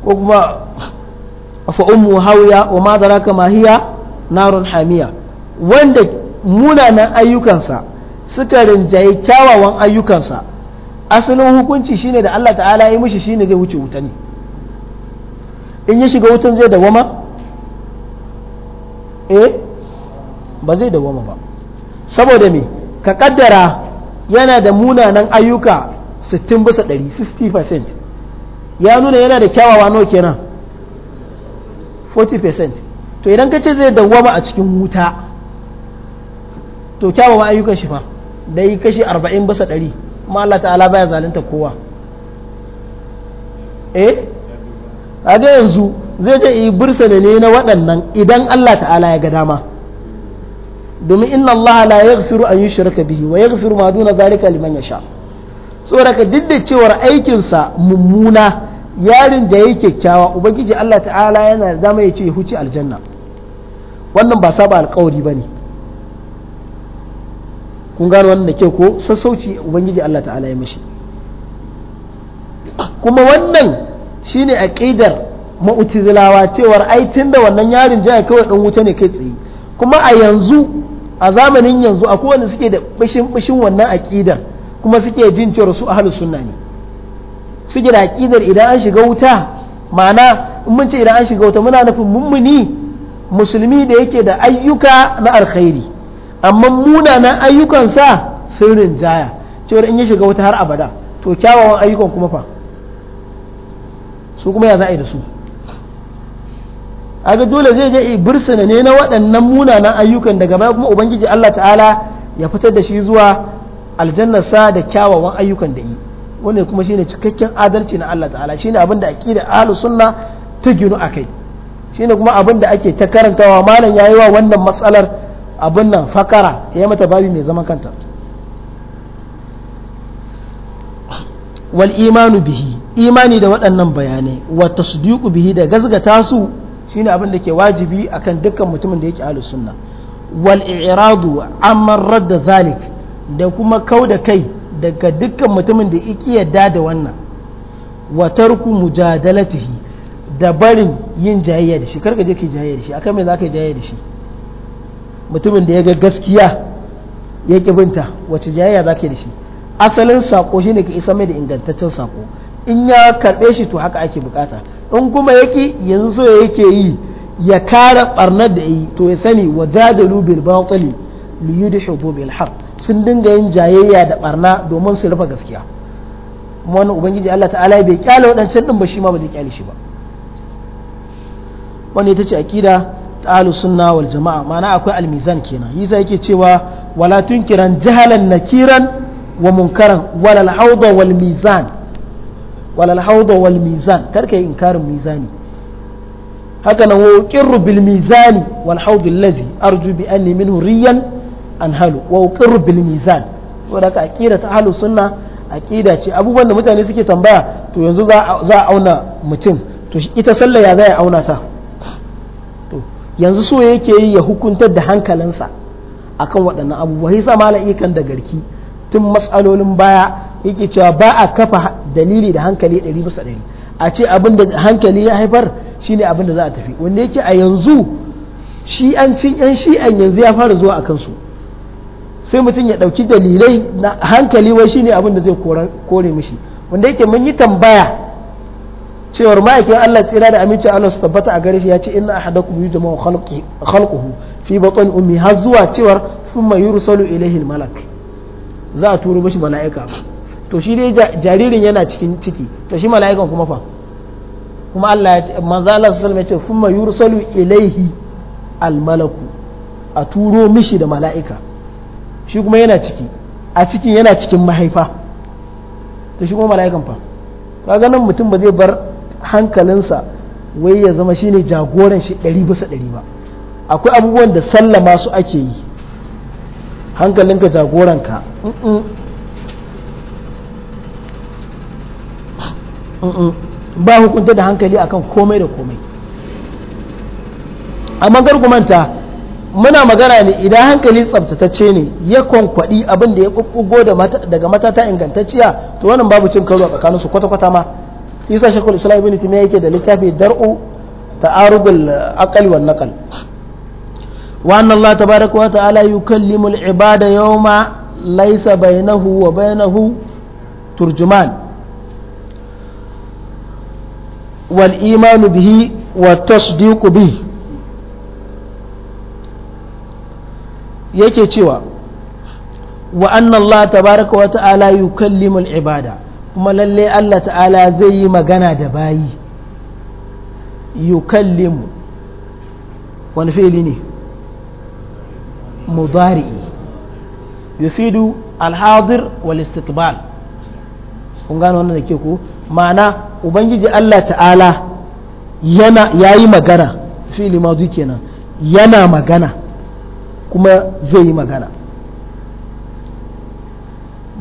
A: ko kuma fa ummu hawiya wa ma daraka ma hiya narun hamiya wanda munanan ayyukansa suka rinjaye kyawawan ayyukansa asalin hukunci shine da Allah ta'ala ya yi mishi shine zai wuce wuta ne in ya shiga wutan zai dawama eh ba zai dawama ba saboda me ka kaddara yana da munanan ayyuka 60 bisa 100 60% ya nuna yana da kyawawa nawa kenan 40% to idan ka ce zai dawwama a cikin wuta to kyawawa ayyukan shi fa da yi kashi 40 bisa 100 kuma Allah ta'ala baya zalunta kowa eh kaga yanzu zai ta yi bursa da ne na waɗannan idan Allah ta'ala ya ga dama domin inna Allah la yaghfiru an yushraka bihi wa yaghfiru ma duna zalika liman yasha saboda duk da cewar aikin sa mummuna yarin da yake kyakkyawa ubangiji Allah ta'ala yana zama ya ce huci aljanna wannan ba saba alƙawari bane kun gano wannan da ke ko sassauci ubangiji Allah ta'ala ya mishi kuma wannan shine aqidar ma'utizilawa cewar ai da wannan yarin jaya kawai ɗan wuta ne kai tsaye kuma a yanzu a zamanin yanzu a kowane suke da bishin bishin wannan akidar kuma suke jin cewar su ahlus sunna ne suke da aƙidar idan an shiga wuta ma'ana in mun ce idan an shiga wuta muna nufin mummuni musulmi da yake da ayyuka na alkhairi amma munanan ayyukansa sun rinjaya cewar in ya shiga wuta har abada to kyawawan ayyukan kuma fa su kuma ya za a yi da su aga dole zai je bursuna ne na waɗannan munanan ayyukan daga baya kuma ubangiji Allah ta'ala ya fitar da shi zuwa aljannarsa da kyawawan ayyukan da yi wannan kuma shine cikakken adalci na Allah ta'ala shine abin da aqida ahlus sunna ta ginu akai shine kuma abin da ake ta karantawa malam yayi wa wannan matsalar abin nan fakara ya mata babi mai zaman kanta wal imanu bihi imani da waɗannan bayanai wa tasdiqu bihi da gazgata su shine abin da ke wajibi akan dukkan mutumin da yake ahalus sunna wal i'radu amman radda zalik da kuma kau da kai daga dukkan mutumin da yake yadda da wannan wa tarku mujadalatihi da barin yin jayayya da shi karka je jayayya da shi akan me zaka yi jayayya da shi mutumin da ya ga gaskiya ya ki binta wace jayayya zaka yi da shi asalin sako shine ka isa mai da ingantaccen sako in ya karbe shi to haka ake bukata in kuma yaki yanzu ya yake yi ya kara barnar da yi to ya sani wa jajalu bil batili li yudhidu bil haqq sun dinga yin jayayya da barna domin su rufe gaskiya kuma wannan ubangiji Allah ta'ala bai kyale wadancan din ba shi ma ba zai kyale shi ba wannan ita ce akida ta ahlus sunna wal jamaa ma'ana akwai almizan kenan yisa yake cewa wala tunkiran jahalan nakiran wa munkaran wal hawda wal mizan walal hawda wal mizan karka yi inkarin mizani haka nan wa uqirru bil mizani wal hawd allazi arju bi anni riyan anhalu wa uqirru bil mizan saboda ka aqida ta ahlus sunna aƙida ce abubuwan da mutane suke tambaya to yanzu za a auna mutum to ita sallah ya za auna ta to yanzu so yake yi ya hukuntar da hankalinsa akan waɗannan abubuwa yasa malam da garki tun matsalolin baya yake cewa ba a kafa dalili da hankali ɗari bisa ɗari a ce abin da hankali ya haifar shine abin da za a tafi wanda yake a yanzu shi'ancin yan shi'an yanzu ya fara zuwa a kansu sai mutum ya ɗauki dalilai na hankali wai shine abin da zai kore mishi wanda yake mun yi tambaya cewar ma'aikin Allah tsira da amincin Allah su tabbata a gare shi ya ce inna ahadakum yujma'u khalquhu fi batn ummi har zuwa cewar thumma yursalu ilayhi al-malak za a turo mishi mala'ika to shi dai jaririn yana cikin ciki to shi mala'ikan kuma fa kuma Allah ya manzo Allah sallallahu alaihi wasallam ya yursalu ilaihi almalaku a turo mishi da mala'ika shi kuma yana ciki a cikin yana cikin mahaifa to shi kuma mala'ikan fa ga nan mutum ba zai bar hankalinsa wai ya zama shine jagoran shi ɗari bisa ɗari ba akwai abubuwan da sallama su ake yi hankalinka jagoranka ba hukunta da hankali akan komai da komai amma manta muna magana ne idan hankali tsabtatacce ne ya kwankwaɗi abin da ya kukugo daga matata ingantacciya to wannan babu cin karo a tsakanin su kwata-kwata ma isa shakul islam ibn timiya yake da littafi dar'u ta aqal wan naqal wa anna allah tabaaraka wa ta'ala yukallimul ibada yawma laysa bainahu wa bainahu turjuman wal imanu bihi wa tasdiqu bihi yake cewa wa Allah tabaraka wa ta'ala yukallimul ibada kuma lallai Allah ta'ala zai yi magana da bayi yukallimu wani fili ne mudari'i yufidu alhadir wal istiqbal kun gano wannan da ke ku ma'ana ubangiji Allah ta'ala yana yayi magana fi'li mazi kenan yana magana kuma zai yi magana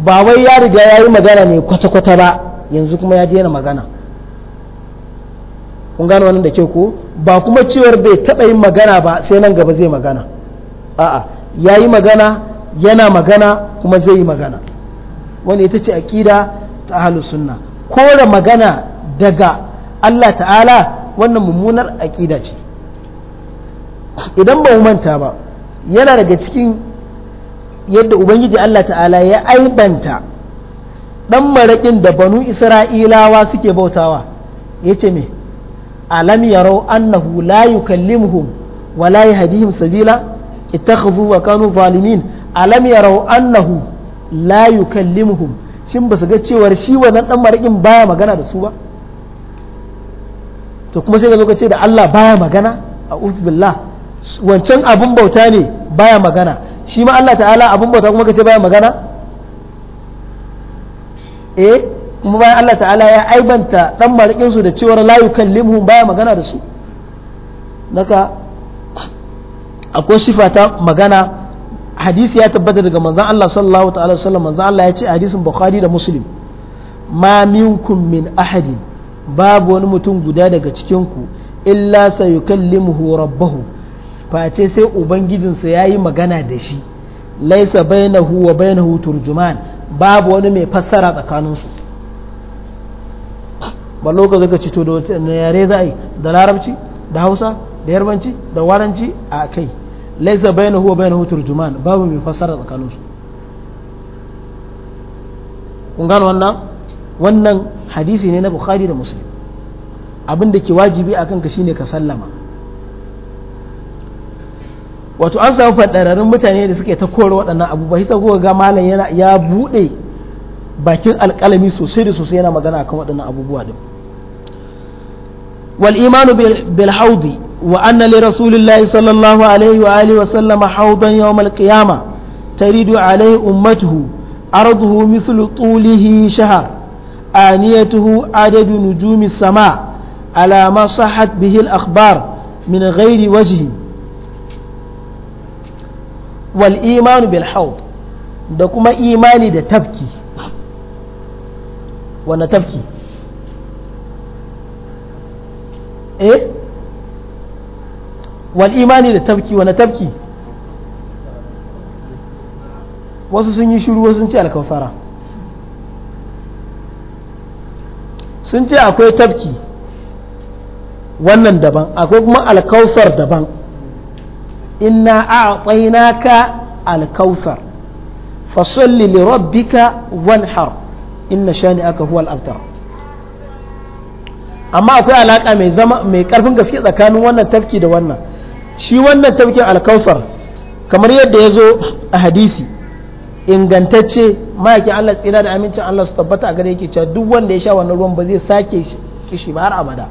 A: ba wai ya riga ya yi magana ne kwata-kwata ba yanzu kuma ya daina magana kun gano wannan da ke ko ba kuma cewar bai taɓa yin magana ba sai nan gaba zai magana a'a ya yi magana yana magana kuma zai yi magana wani ita ce akida ta halu sunna kore magana daga Allah ta'ala wannan mummunar aƙida ce idan ba manta ba yana daga cikin yadda ubangiji Allah ta'ala ya aibanta ɗan maraƙin da banu isra'ilawa suke bautawa ya ce me alam yarau annahu la yukallimuhum wa yahdihim sabila ittakhadhu wa kanu zalimin alam yarau annahu la yukallimuhum shin ba su ga cewar shi wannan ɗan maraƙin baya magana da su ba to kuma sai ka zo ka ce da Allah baya magana a billah wancan abun bauta ne baya magana shi ma Allah ta'ala abun bauta kuma ka ce baya magana eh kuma bayan Allah ta'ala ya aibanta dan marikin su da cewar la yukallimuhum baya magana da su naka akwai sifa ta magana hadisi ya tabbata daga manzon Allah sallallahu ta'ala wasallam manzon Allah ya ce hadisin Bukhari da Muslim ma minkum min ahadin babu wani mutum guda daga cikinku illa sayukallimuhu rabbahu face sai ubangijinsa ya yi magana da shi laisa bainahu wa bainahu turjuman babu wani mai fassara tsakaninsu ba lokacin ka cito da wani yare za a yi da larabci da hausa da yarbanci da waranci a kai laisa bainahu wa bainahu turjuman babu mai fassara tsakaninsu kun gano wannan wannan hadisi ne na bukhari da muslim abinda ke wajibi a kanka shine ka sallama wato an samu fadararrun mutane da suke ta kore waɗannan abubuwa hisa ko ga malam yana ya buɗe bakin alƙalami sosai da sosai yana magana akan waɗannan abubuwa din wal imanu bil haudi wa anna li rasulillahi sallallahu alaihi wa alihi wa sallama haudan yawmal qiyamah taridu alaihi ummatuhu arduhu mithlu tulihi shahar آنيته عدد نجوم السماء على ما صحت به الأخبار من غير وجه والإيمان بالحوض da kuma imani da tafki wane tafki eh da tafki wane tafki wasu sun yi shiru wasu sun ci alkawfara sun ce akwai tafki wannan daban akwai kuma alkausar daban inna a tsainaka alkausar fasalli li rabbika wanhar inna shani aka huwal al'abtar amma akwai alaƙa mai zama mai ƙarfin gaske tsakanin wannan tafki da wannan shi wannan tafkin alkausar kamar yadda ya zo a hadisi ingantacce ma'aikin Allah tsira da amincin Allah su tabbata a gare yake cewa duk wanda ya sha wannan ruwan ba zai sake kishi ba har abada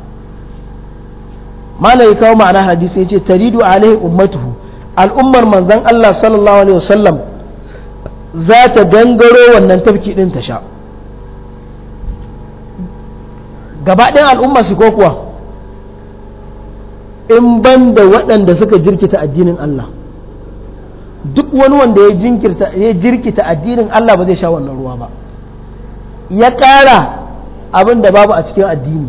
A: malai kawo ma'ana hadisi yace taridu alaihi ummatuhu al'ummar manzan Allah sallallahu alaihi wasallam za ta gangaro wannan tafki din ta sha gaba ɗayan al'umma su ko kuwa in banda waɗanda suka jirkita addinin Allah duk wani wanda ya jirkita addinin Allah ba zai sha wannan ruwa ba ya ƙara abin da babu a cikin addini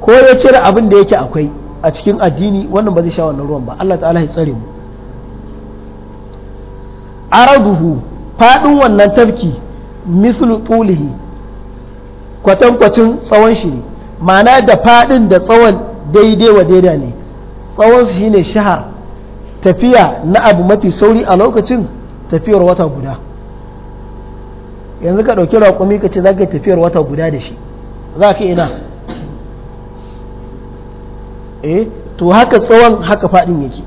A: ko ya cire abin da yake akwai a cikin addini wannan ba zai sha wannan ruwan ba Allah ta'ala ya tsare mu araduhu faɗin wannan tafki mislu tulihi kwatankwacin tsawon shi ne ma'ana da faɗin da tsawon daidai wa daida ne tsawon shi ne shahar tafiya na abu mafi sauri a lokacin tafiyar wata guda yanzu ka ɗauki raƙumi ka ce za ka tafiyar wata guda da shi za ka ina eh to haka tsawon haka faɗin yake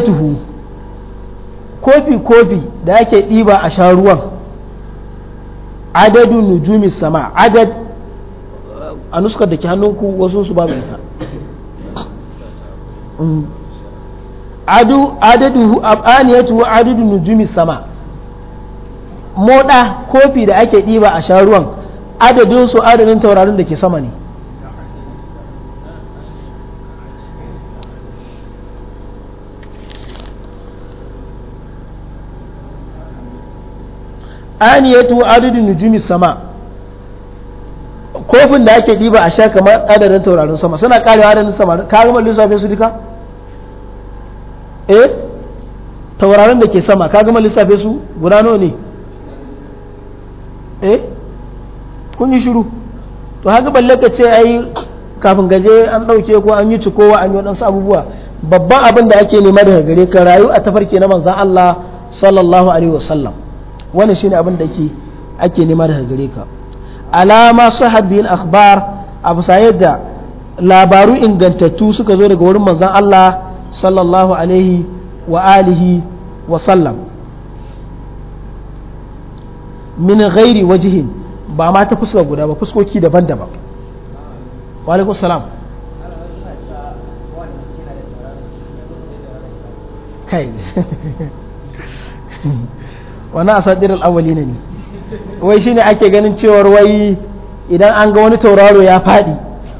A: tuhu kofi-kofi da ake ɗiba a sha ruwan adadin nujumis sama adad a nuskar da ke hannunku wasu su mai ita Mm. adu adaduhu abaniyatu wa adadu nujumi sama moda kofi da ake diba a sharuwan adadin su adadin taurarin da ke sama ne aniyatu adadu nujumi sama kofin da ake diba a sha kamar adadin taurarin sama suna karewa adadin sama ka gama lissafin su duka eh tauraron da ke sama ka gama lissafe su guda nawa ne eh kun yi shiru to haka balle ka ce ai kafin gaje an ɗauke ko an yi cikowa an yi waɗansu abubuwa babban abin da ake nema daga gare ka rayu a tafarki na manzan Allah sallallahu alaihi wasallam wannan shine abin da ake nema daga gare ka alama sahabbil akhbar abu bisa da labaru ingantattu suka zo daga wurin manzan Allah sallallahu alaihi wa alihi wa sallam min ghairi wajihin ba ma ta fuska guda ba fuskoki daban-daban wa alaikum salam kai wani asadir al'awali ne ne wai shine ake ganin cewar wai idan an ga wani tauraro ya faɗi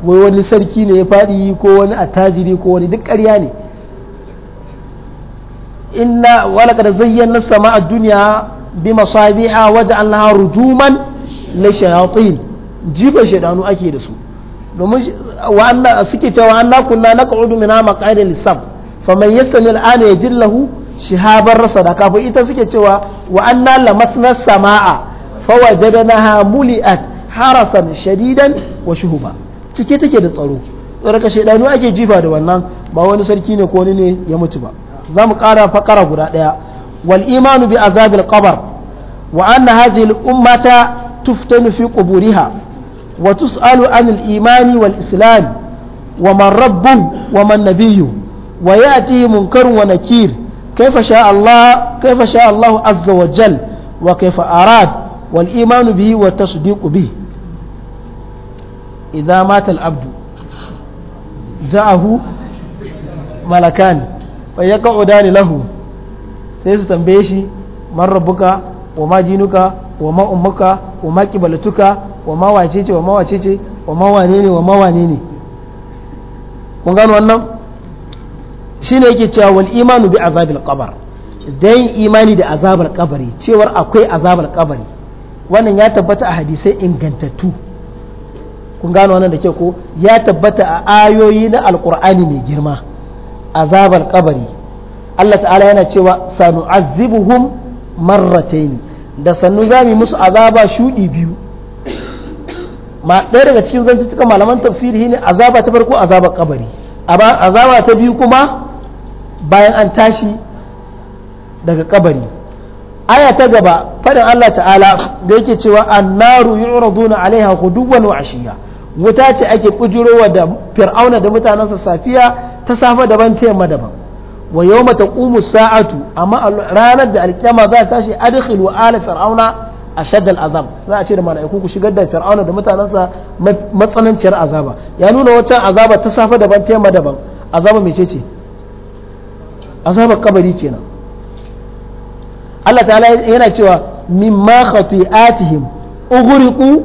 A: wai wani sarki ne ya faɗi ko wani attajiri ko wani duk ƙarya ne inna walaqad zayyana duniya samaa ad waje bimasabiha laha rujuman lishayatin jifa shaidanu ake da su domin wa'anna suke cewa anna kunna naq'udu min maq'idil lisab faman yastami al-ana yajid lahu shihaban rasada kafin ita suke cewa wa'anna na sama'a na fawajadnaha muli'at harasan shadidan wa shuhuba cike take da tsaro tsaraka shedanu ake jifa da wannan ba wani sarki ne ko wani ne ya mutu ba za mu ƙara faƙara guda ɗaya wal imanu bi azabil qabr wa anna hadhihi al ummata tuftanu fi quburiha wa tus'alu an al imani wal islam wa man rabbu wa man nabiyyu wa ya'ti munkarun wa nakir kayfa sha'a Allah kayfa Allah azza wa jal wa kayfa arad wal imanu bihi wa tasdiqu bihi idza mata al abdu ja'ahu ملكان fa ya qa'udani lahu sai su tambaye shi man rabbuka wa ma jinuka wa ma ummuka wa ma kibalatuka wa ma wacece wa ma wacece wa ma wane ne wa ma wane ne kun gano wannan shine yake cewa wal imanu bi azabil qabr dai imani da azabar kabari cewar akwai azabar kabari wannan ya tabbata a hadisai ingantattu kun gano wannan da ke ko ya tabbata a ayoyi na alkur'ani mai girma azabar kabari Allah ta'ala yana cewa sanu azibuhum marrataini da sannu za mu musu azaba shudi biyu ma ɗaya daga cikin zantuttuka malaman tafsiri ne azaba ta farko azabar kabari azaba ta biyu kuma bayan an tashi daga kabari aya ta gaba fadin Allah ta'ala da yake cewa annaru yu'raduna alaiha ghuduwan wa ashiya wuta ce ake kujurowa da fir'auna da mutanensa safiya ta safa daban ta yamma daban wa mata ƙumu sa'atu amma ranar da alkiyama za ta tashi adkhilu ala fir'auna ashad al'azab za a ce da mala'iku ku shigar da fir'auna da mutanensa matsananciyar azaba ya nuna wata azaba ta safa daban ta yamma daban azaba mece ce azaba kabari kenan Allah ta'ala yana cewa mimma khati'atihim ughriqu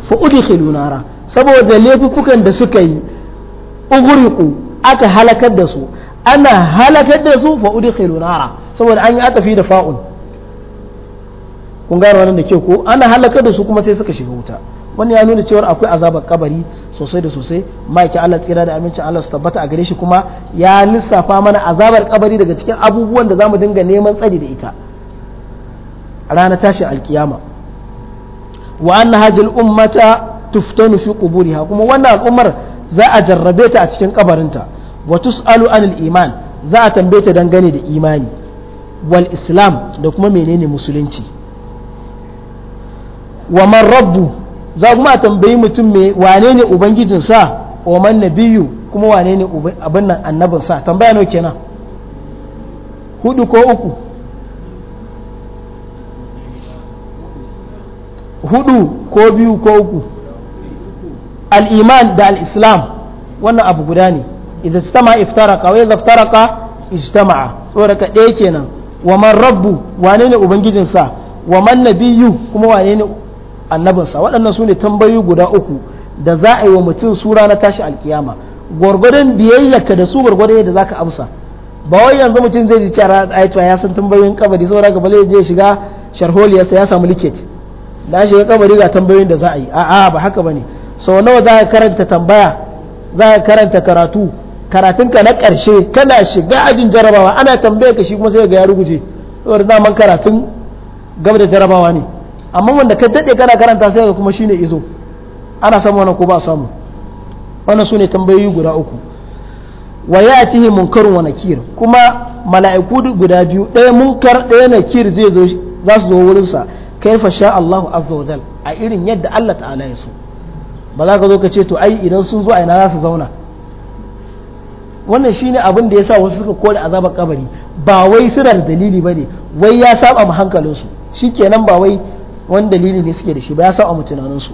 A: fa udkhilu nara saboda laifukan da suka yi uguriku aka halakar da su ana halakar da su fa udkhilu saboda an yi atafi da fa'ul kun gano wannan da ke ko ana halakar da su kuma sai suka shiga wuta wani ya nuna cewa akwai azabar kabari sosai da sosai ma'aikin Allah tsira da amincin Allah su tabbata a gare shi kuma ya lissafa mana azabar kabari daga cikin abubuwan da za mu dinga neman tsari da ita ranar tashin alkiyama wa anna ummata tuftanu fi quburiha kuma wannan al'ummar za a jarrabe ta a cikin kabarinta wa tus'alu anil iman za a tambaye ta dangane da imani wal islam da kuma menene musulunci wa man rabbu za kuma a tambayi mutum me wane ne ubangijinsa wa man biyu kuma wane ne abin nan annabinsa tambaya nawa kenan hudu ko uku hudu ko biyu ko uku al-iman da al-islam wannan abu guda ne idan istama iftaraka wa idza iftaraka ijtama'a tsoraka ɗaya kenan wa man rabbu wane ne ubangijinsa wa man nabiyyu kuma wane ne annabinsa waɗannan su ne tambayoyi guda uku da za a yi wa mutum sura na tashi alkiyama gwargwadon biyayyaka da su gwargwadon yadda zaka amsa ba wai yanzu mutum zai ji cewa aitwa ya san tambayoyin kabari saboda gaba zai je shiga sharholiyarsa ya samu liket da shi kabari ga tambayoyin da za a yi a'a ba haka bane sau nawa za ka karanta tambaya za ka karanta karatu karatunka na ƙarshe kana shiga ajin jarabawa ana tambayar ka shi kuma sai ga ya ruguje saboda zaman karatun gaba da jarabawa ne amma wanda ka daɗe kana karanta sai ga kuma shine izo ana samu wannan ko ba samu wannan sune tambayoyi guda uku wa ya'tihi munkar wa nakir kuma mala'iku guda biyu ɗaya munkar ɗaya nakir zai zo za su zo wurinsa kaifa sha Allahu azza wa a irin yadda Allah ta'ala ya so ba za ka zo ka ce to ai idan sun zo a ina za su zauna wannan shine abin da ya sa wasu suka kore azabar kabari ba wai suna da dalili bane wai ya saba mu hankalinsu shikenan ba wai wani dalili ne suke da shi ba ya saba mu tunaninsu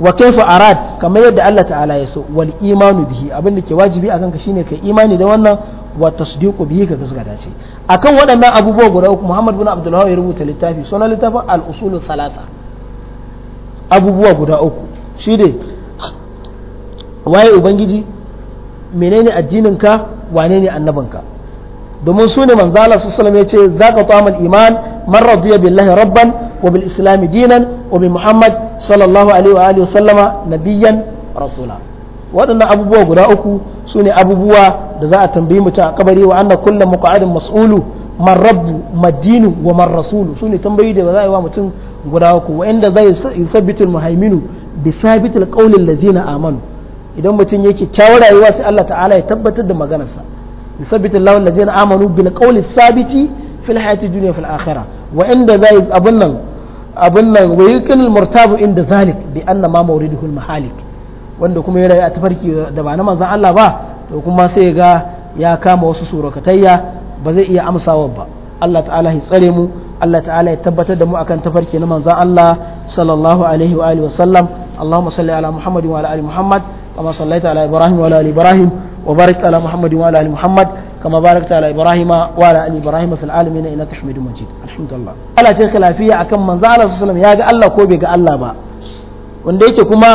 A: wa kaifa arad kamar yadda Allah ta'ala ya so wal imanu bihi abin da ke wajibi akan ka shine kai imani da wannan wa tasdiqu bihi ka gaskata ce akan waɗannan abubuwa guda uku Muhammad bin Abdullah ya rubuta littafi sunan littafin al-usul thalatha abubuwa guda uku shi ne waye ubangiji menene addininka wane ne annabinka domin su ne manzala su salama ya ce za ka tsamal iman man radiya billahi rabban wa bil islami dinan wa bi muhammad sallallahu alaihi wa alihi sallama nabiyyan rasula waɗannan abubuwa guda uku su ne abubuwa da za a tambayi mutum a kabari wa anna kullum muqa'adin mas'ulu man rabbu madinu wa man rasulu su ne tambayi da za a yi wa mutum guda uku wa inda zai yusabbitul muhaiminu bi sabitul qawlil amanu idan mutum yake kyawar rayuwa sai Allah ta'ala ya tabbatar da maganarsa bi sabitul lawan ladzina amanu bil qawli sabiti fil hayati dunya fil akhirah wa inda zai abun nan abun nan wa murtabu inda zalik bi anna ma mawriduhu al mahalik wanda kuma ya rayu a tafarki da ba na manzon Allah ba to kuma sai ga ya kama wasu surukatayya ba zai iya amsawa ba Allah ta'ala ya tsare mu Allah ta'ala ya tabbatar da mu akan tafarki na manzon Allah sallallahu alaihi wa alihi wa sallam اللهم صل على محمد وعلى ال محمد كما صليت على ابراهيم وعلى ال ابراهيم وبارك على محمد وعلى ال محمد كما باركت على ابراهيم وعلى ال ابراهيم في العالمين انك حميد مجيد الحمد لله قال شيخ خلافيه akan manzo Allah sallallahu alaihi wasallam ya ga Allah ko bai ga Allah ba wanda yake kuma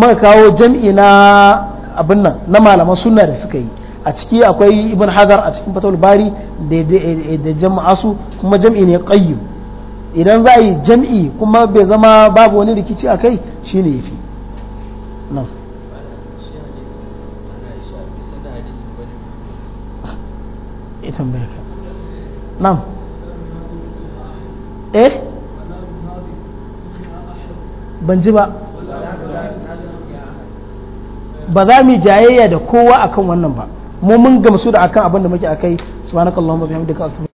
A: muka kawo jam'i na abin nan na da suka yi a ciki akwai ibn hajar a cikin fatul bari da jama'a su kuma jam'i ne qayyim idan za a yi jam'i kuma bai zama babu wani rikici a kai shi ne yafi nan nan eh, eh? ba ba za mu jayayya da kowa akan wannan ba mu mun gamsu da akan abin da muke akai subhanakallahumma bihamdika astaghfiruka